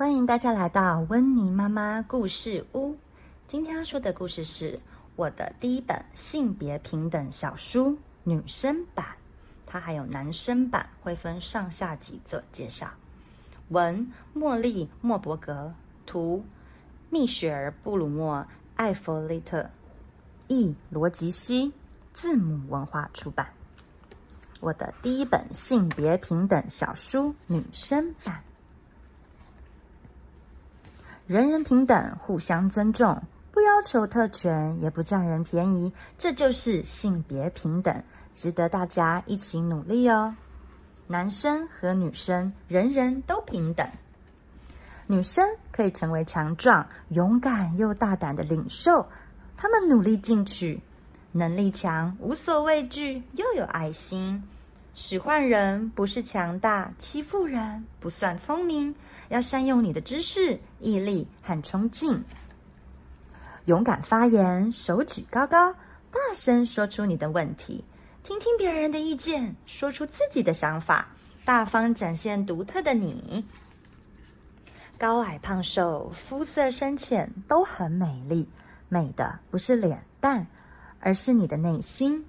歡迎大家來到溫妮媽媽故事屋。今天要說的故事是我的第一本性別平等小書女生版，它還有男生版，會分上下集做介紹。文：茱莉·莫伯格，圖：蜜雪兒·布魯莫·艾弗莉特，譯：羅吉希，字畝文化出版。我的第一本性別平等小書女生版。人人平等，互相尊重，不要求特權，也不占人便宜，這就是性別平等，值得大家一起努力哦。男生和女生，人人都平等，女生可以成為強壯、勇敢又大膽的領袖。她們努力進取，能力強，無所畏懼，又有愛心。使喚人不是強大，欺負人不算聰明。要善用你的知識、毅力和衝勁，勇敢發言，手舉高高，大聲說出你的問題，聽聽別人的意見，說出自己的想法，大方展現獨特的你。高矮胖瘦、膚色深淺都很美麗，美的不是臉蛋，而是你的內心。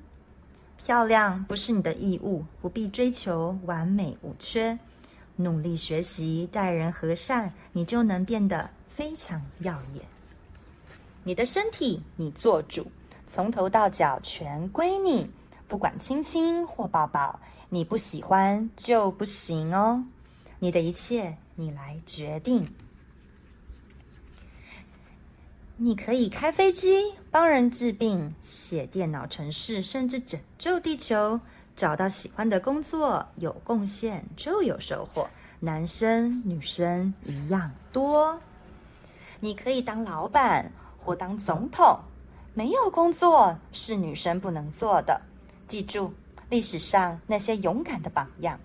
漂亮不是你的義務，不必追求完美無缺。努力學習，待人和善，你就能變得非常耀眼。你的身體你做主，從頭到腳全歸你，不管親親或抱抱，你不喜歡就不行哦。你的一切你來決定。你可以開飛機，幫人治病，寫電腦程式，甚至拯救地球。找到喜歡的工作，有貢獻就有收穫。男生女生一樣多。你可以當老闆或當總統，沒有工作是女生不能做的。記住，歷史上那些勇敢的榜樣，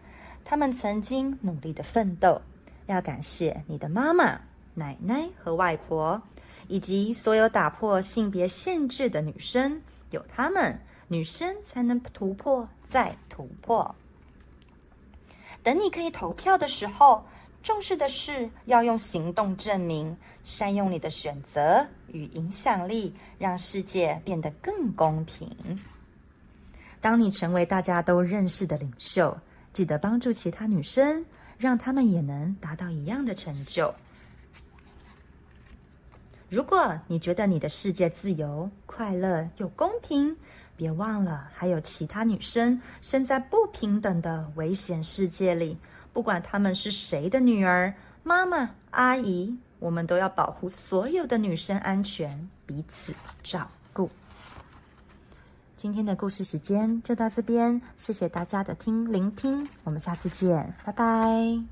他們曾經努力的奮鬥。要感謝你的媽媽、奶奶和外婆。以及所有打破性別限制的女生，有她們，女生才能突破再突破。等你可以投票的時候，重視的是要用行動證明，善用你的選擇與影響力，讓世界變得更公平。當你成為大家都認識的領袖，記得幫助其他女生，讓她們也能達到一樣的成就。如果你覺得你的世界自由、快樂又公平，別忘了還有其他女生生在不平等的危險世界裡。不管她們是誰的女兒、媽媽、阿姨，我們都要保護所有的女生安全，彼此照顧。今天的故事時間就到這邊，謝謝大家的聽，聆聽，我們下次見，拜拜。